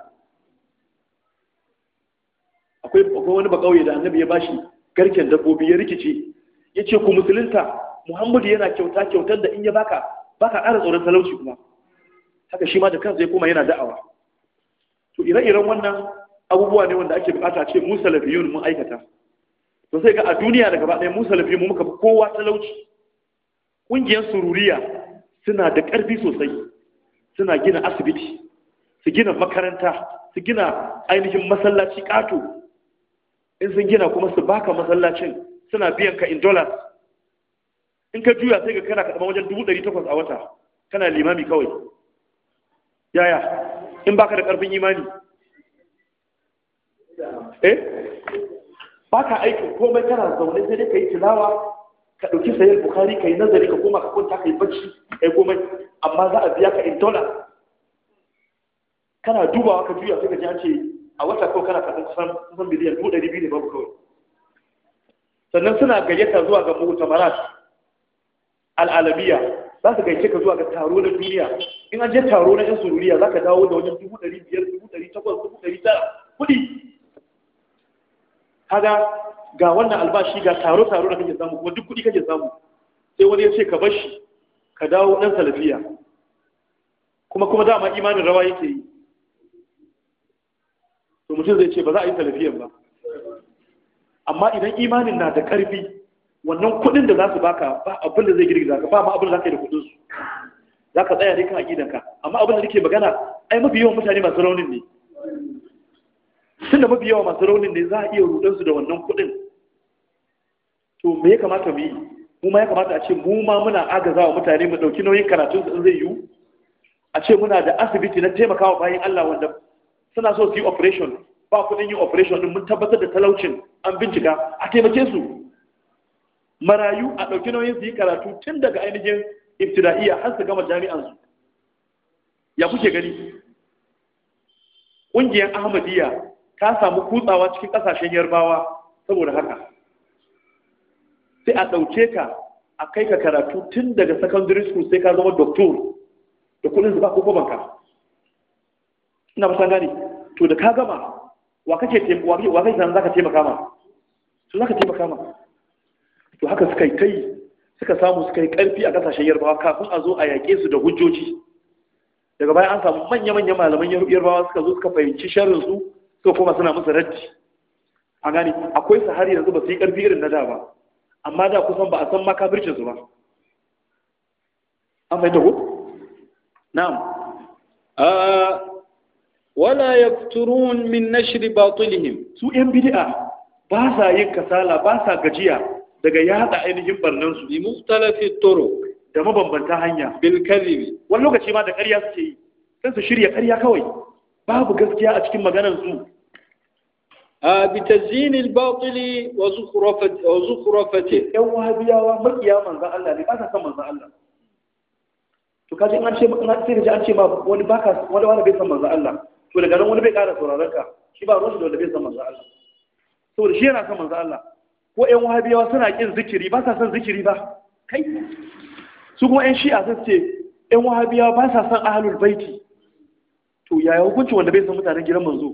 akwai akwai wani bakauye da annabi ya bashi garken dabbobi ya rikice yace ku musulunta muhammadu yana kyauta kyautar da in ya baka baka ƙara tsoron talauci kuma haka shi ma da kansa ya koma yana da'awa to ire-iren wannan abubuwa ne wanda ake bukata ce musalafiyun mun aikata to sai ga a duniya da gaba ɗaya mu lafiya mu muka fi kowa talauci ƙungiyar sururiya suna da ƙarfi sosai suna gina asibiti su gina makaranta su gina ainihin masallaci ƙato in sun gina kuma su baka masallacin suna biyan ka in dollars in ka juya sai ga kana karɓar wajen dubu ɗari takwas a wata kana limami kawai yaya in baka da ƙarfin imani eh ba ka aikin komai kana zaune sai dai ka yi tilawa ka ɗauki sayar bukari ka yi nazari ka koma ka kwanta ka yi bacci ka yi komai amma za a biya ka in dola kana dubawa ka juya sai ka ji an ce a wata kawai kana karɓar kusan kusan miliyan dubu ɗari biyu ne babu kawai sannan suna gayyata zuwa ga mutamarat al'alamiya za su gayyace ka zuwa ga taro na duniya in an je taro na yan sururiya za ka dawo da wajen dubu ɗari biyar dubu ɗari takwas dubu ɗari tara kuɗi kaga ga wannan albashi ga taro taro da kake samu kuma duk kudi kake samu sai wani ya ce ka bashi, ka dawo ɗan salafiya kuma kuma dama imanin rawa yake yi to mutum zai ce ba za a yi salafiyan ba amma idan imanin na da ƙarfi wannan kuɗin da za su baka ba abin da zai girgiza ka ba ma abin da za ka yi da kudinsu za ka tsaya ne kan aƙidanka amma abin da nake magana ai mafi yawan mutane masu raunin ne tunda mafi yawa masu raunin ne za a iya rudan su da wannan kuɗin to me ya kamata mu yi mu ma ya kamata a ce mu ma muna agaza wa mutane mu ɗauki nauyin karatun su zai yiwu a ce muna da asibiti na taimakawa bayan Allah wanda suna so su yi operation ba kuɗin yin operation din mun tabbatar da talaucin an bincika a taimake su marayu a ɗauki nauyin su yi karatu tun daga ainihin ibtida'iyya har su gama jami'an su ya kuke gani ƙungiyar ahmadiyya Ka samu kutsawa cikin ƙasashen yarbawa saboda haka sai a ɗauke ka a kai ka karatu tun daga secondary school sai ka zama doktor da kudin zuba ko banka ina ba gane to da ka gama wa kake wa kai san zaka taimaka ma to zaka taimaka ma to haka suka yi kai suka samu suka yi karfi a kasashen yarbawa kafin a zo a yaƙe su da hujjoji daga baya an samu manya-manyan malaman yarbawa suka zo suka fahimci sharrin su so kuma suna musu raddi a gani akwai su har yanzu ba su yi ƙarfi irin na da ba amma da kusan ba a san ma kafircin su ba an mai ko na'am wala yafturun min ba tulihim su yan bidi'a ba sa yin kasala ba sa gajiya daga yada ainihin barnan su bi mustalafi toro da mabambanta hanya bil wani lokaci ma da ƙarya suke yi sai su shirya ƙarya kawai babu gaskiya a cikin maganar su A tazinil batili wa zukhrafati wa zukhrafati yan wahabiyawa makiya manzon Allah ne ba sa san manzon Allah to kaje an ce an ce an ce ma wani baka wani wani bai san manzon Allah to daga nan wani bai kara sauraron ka shi ba ruwan da wani bai san manzon Allah saboda shi yana san manzon Allah ko yan wahabiyawa suna kin zikiri ba sa san zikiri ba kai su kuma yan shi'a sun ce yan wahabiyawa ba sa san ahlul baiti to yaya hukunci wanda bai san mutanen gidan manzo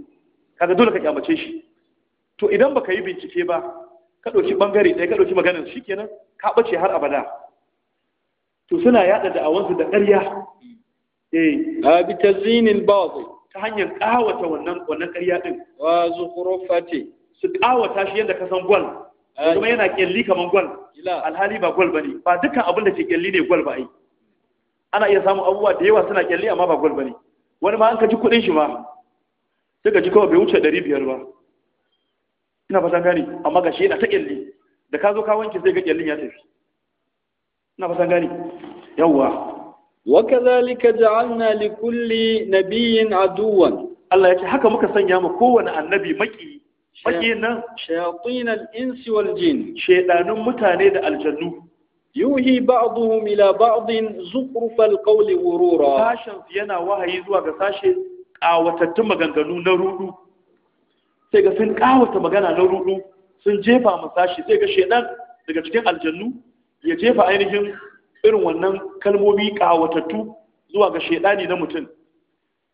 kaga dole ka kyamace shi to idan baka yi bincike ba ka ɗauki ɓangare ɗaya ka ɗauki maganar shi kenan ka ɓace har abada to suna yaɗa awansu da ƙarya eh bi tazinil ba'dhi ta hanyar ƙawata wannan wannan ƙarya din wa zukhrufati su ƙawata shi yadda ka san gwal kuma yana kyalli kaman gwal alhali ba gwal bane ba dukkan abin da ke kyalli ne gwal ba ai ana iya samun abubuwa da yawa suna kyalli amma ba gwal bane wani ma an ka ji kuɗin shi ma sai ka ji kawai bai wuce ɗari biyar ba ina fasan gani amma ga shi yana ta ƙyalli da ka zo ka wanke sai ga ƙyallin ya tafi ina fasan gani yawwa Wa وكذلك جعلنا لكل نبي Allah ya yace haka muka sanya ma kowane annabi maki maki nan shayatin al-ins wal jin shedanun mutane da aljannu yuhi ba'dhum ila ba'dhin zukrufal qawli wurura sashin yana wahayi zuwa ga sashe kawatattun maganganu na rudu sai ga sun kawata magana na rudu sun jefa mu sashi sai ga shedan daga cikin aljannu ya jefa ainihin irin wannan kalmomi kawatattu zuwa ga shedani na mutum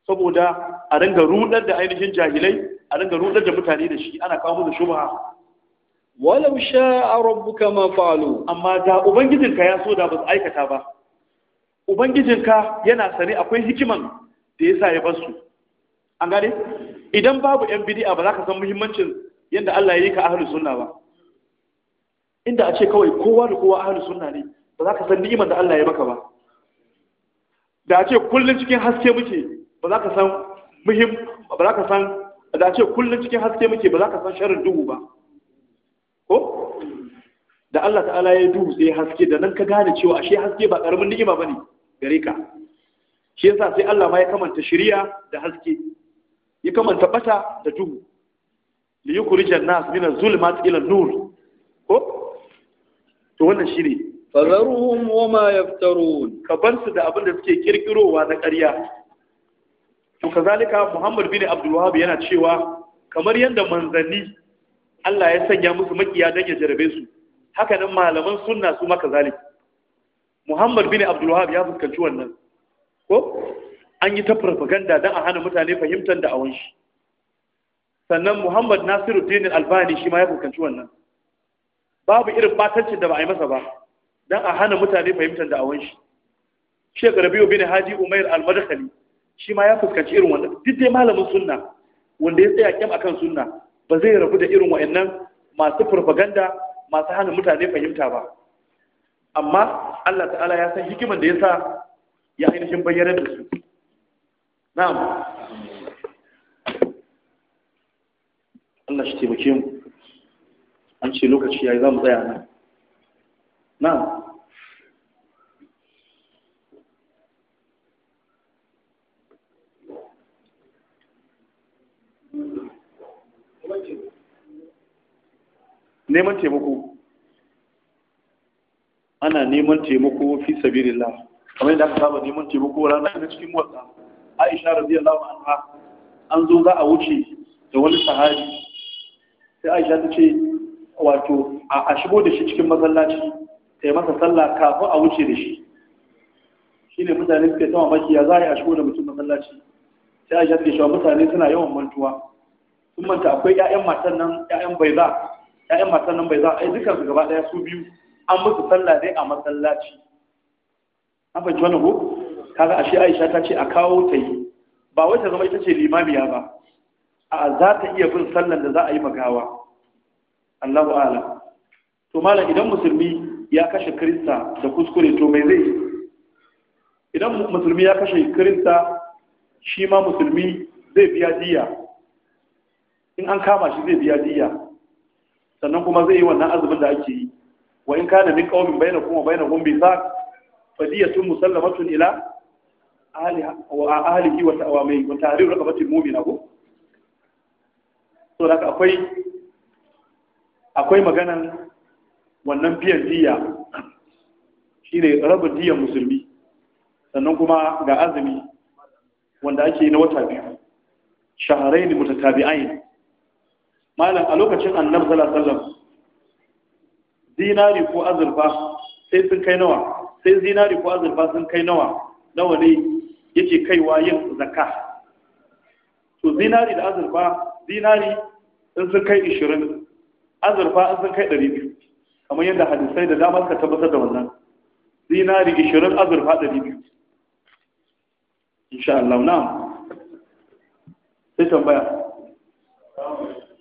saboda a ringa rudar da ainihin jahilai a ringa rudar da mutane da shi ana kawo musu shubha walau a rabbuka ma falo. amma da ubangijinka ya so da ba su aikata ba ubangijinka yana sane akwai hikiman da sa ya bar su an gane idan babu yan bidi'a ba za ka san muhimmancin yadda Allah ya yi ka ahlus sunna ba inda a ce kawai kowa da kowa ahlus sunna ne ba za ka san ni'imar da Allah ya maka ba da a ce kullum cikin haske muke ba za ka san muhim ba za ka san da a ce kullum cikin haske muke ba za ka san sharrin duhu ba ko da Allah ta'ala ya duhu sai haske da nan ka gane cewa ashe haske ba karamin ni'ima bane gare ka shi yasa sai Allah ma ya kamanta shari'a da haske ya kamanta bata da duhu li yukhrijan nas min az-zulumati ila an-nur ko to wannan shine wa ma yaftarun ka bar su da abin da suke kirkirowa na ƙarya to kazalika Muhammad bin Abdul Wahhab yana cewa kamar yanda manzanni Allah ya sanya musu makiya don ya jarabe su haka nan malaman sunna su maka zalik Muhammad bin Abdul Wahab ya fuskanci wannan ko an yi ta propaganda don a hana mutane fahimtar da awon shi sannan Muhammad Nasiruddin Albani shi ma ya fuskanci wannan babu irin batancin da ba a yi masa ba don a hana mutane fahimtar da awon shi Sheikh Rabiu bin Haji Umair Al-Madkhali shi ma ya fuskanci irin wannan duk dai malamin sunna wanda ya tsaya kyam akan sunna ba zai rabu da irin wa'annan masu farfaganda masu hana mutane fahimta ba amma Allah ta'ala ya san hikiman da ya sa ya ainihin bayyana da su na'am Allah shi taimake mu an ce lokaci ya yi za mu tsaya nan na'am neman taimako ana neman taimako fi sabilillah kamar yadda aka saba neman taimako rana da cikin motsa Aisha radiyallahu anha an zo za a wuce da wani sahabi sai Aisha ta ce wato a shigo da shi cikin masallaci ta yi masa sallah kafin a wuce da shi Shi ne mutane suke ta maki ya za a yi a shigo da mutum masallaci sai Aisha ta ce mutane suna yawan mantuwa sun manta akwai 'ya'yan matan nan 'ya'yan baiza ƴaƴan matan nan bai za a yi dukkan su gaba ɗaya su biyu an musu sallah dai a masallaci an fahimci wannan ko kaga ashe Aisha ta ce a kawo ta yi ba wai ta zama ita ce limamiya ba a za ta iya bin sallan da za a yi magawa Allahu ala to malam idan musulmi ya kashe Kirista da kuskure to mai zai idan musulmi ya kashe Kirista shi ma musulmi zai biya diya in an kama shi zai biya diya sannan kuma zai yi wannan azumin da ake yi wa in kana min qaumin bainakum wa bainahum sa fadiyatu musallamatu ila ahli wa ahlihi wa ta'awami wa tahrir raqabatil mu'mina ko so haka akwai akwai maganan wannan biyan diya shine rabu diyan musulmi sannan kuma ga azumi wanda ake yi na wata biyu shaharain mutatabi'ain malam a lokacin annabi sallallahu alaihi dinari ko azurfa sai sun kai nawa sai dinari ko azurfa sun kai nawa nawa ne yake kaiwa yin zakka to dinari da azurfa dinari in sun kai 20 azurfa in sun kai 200 kamar yadda hadisai da dama suka tabbatar da wannan dinari 20 azurfa 200 insha Allah na'am sai tambaya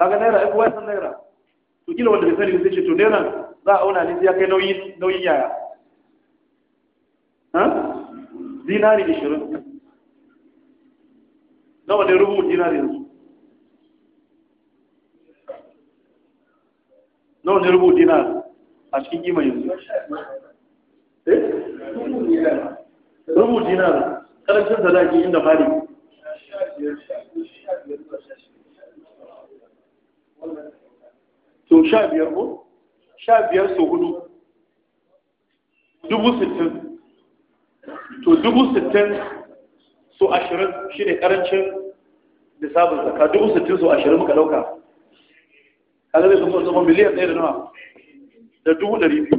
kaga naira ai kowa san naira to kila wanda bai sani zai ce to naira za a auna ne ya kai nauyin nauyi yaya ha dinari shirin nawa ne rubu dinari yanzu nawa ne rubu dinar a cikin kima yanzu eh rubu dinar karancin sadaki inda mali so sha biyar ko sha biyar so hudu dubu sittin to dubu sittin so ashirin shi ne ƙarancin lissafin zaka dubu sittin so ashirin muka ɗauka kaga zai zama zama miliyan ɗaya da nawa da dubu ɗari biyu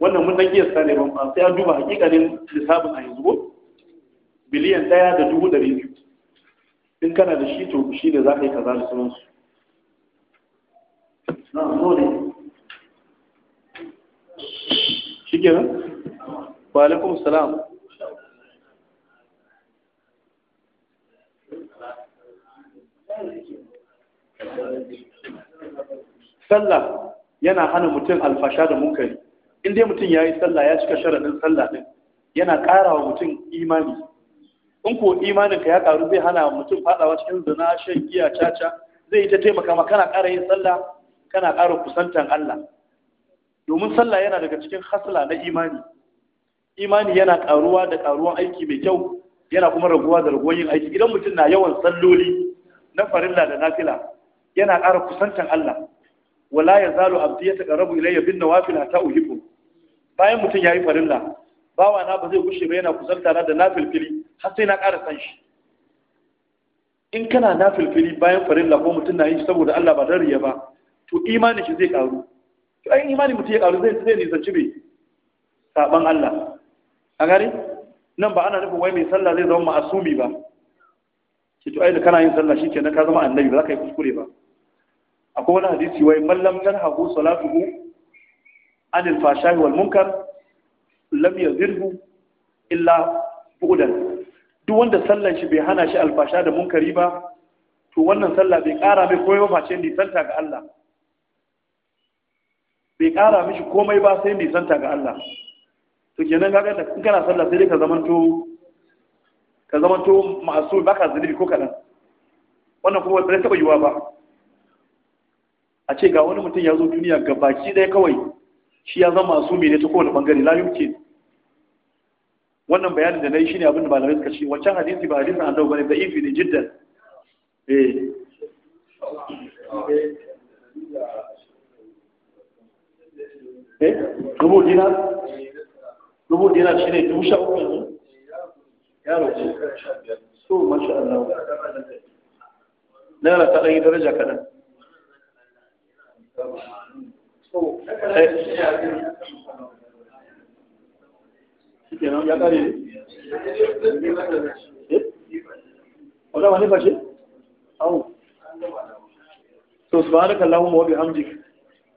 wannan mun ɗan giyasta ne ban sai an duba hakikanin lissafin a yanzu ko miliyan ɗaya da dubu ɗari biyu in kana da shi to shi ne za ka yi kaza da sauransu sallah yana hana mutum alfasha da munkari inda mutum ya yi sallah ya cika sharaɗin sallah ɗin yana ƙara wa mutum imani in ko imaninka ya ƙaru zai hana mutum faɗawa cikin zina shan giya caca zai yi ta taimaka makana ƙara yin sallah kana ƙara kusantan Allah domin sallah yana daga cikin hasla na imani imani yana ƙaruwa da ƙaruwan aiki mai kyau yana kuma raguwa da raguwan yin aiki idan mutum na yawan salloli na farilla da nafila yana ƙara kusantan Allah wala ya zalo abdi ya taqarrabu ilayya bin nawafil hatta uhibbu bayan mutum yayi farilla bawa na ba zai gushe ba yana kusanta na da fili har sai na ƙara san shi in kana fili bayan farilla ko mutum na yi saboda Allah ba dan riya ba to imanin shi zai karu to ai imanin mutum ya karu zai zai zance bai saban Allah a gani nan ba ana nufin wai mai sallah zai zama ma'asumi ba ce to ai da kana yin sallah shi shikenan ka zama annabi ba za ka yi kuskure ba akwai wani hadisi wai mallam hagu salatuhu anil fashai wal munkar lam yazirhu illa bu'dan duk wanda sallan shi bai hana shi alfasha da munkari ba to wannan sallah bai kara mai koyo ba face nisanta ga Allah bai ƙara mishi komai ba sai santa ga Allah to kenan ga in kana sallah sai dai ka zamanto ka zamanto masu baka zunubi ko kaɗan wannan kuma bai taɓa yiwa ba a ce ga wani mutum ya zo duniya ga baki ɗaya kawai shi ya zama masu ne ta kowane ɓangare la yumkin wannan bayanin da na yi shine ne abinda malamai suka ce wancan hadisi ba hadisin annabi bane da ifi ne jiddan eh eh dubu dinar dubu dinar shine dubu sha uku yanzu yaro so masha Allah naira ta ɗanyi daraja kaɗan ya ƙare ne? wani fashe? au so subhanakallahumma wa bihamdika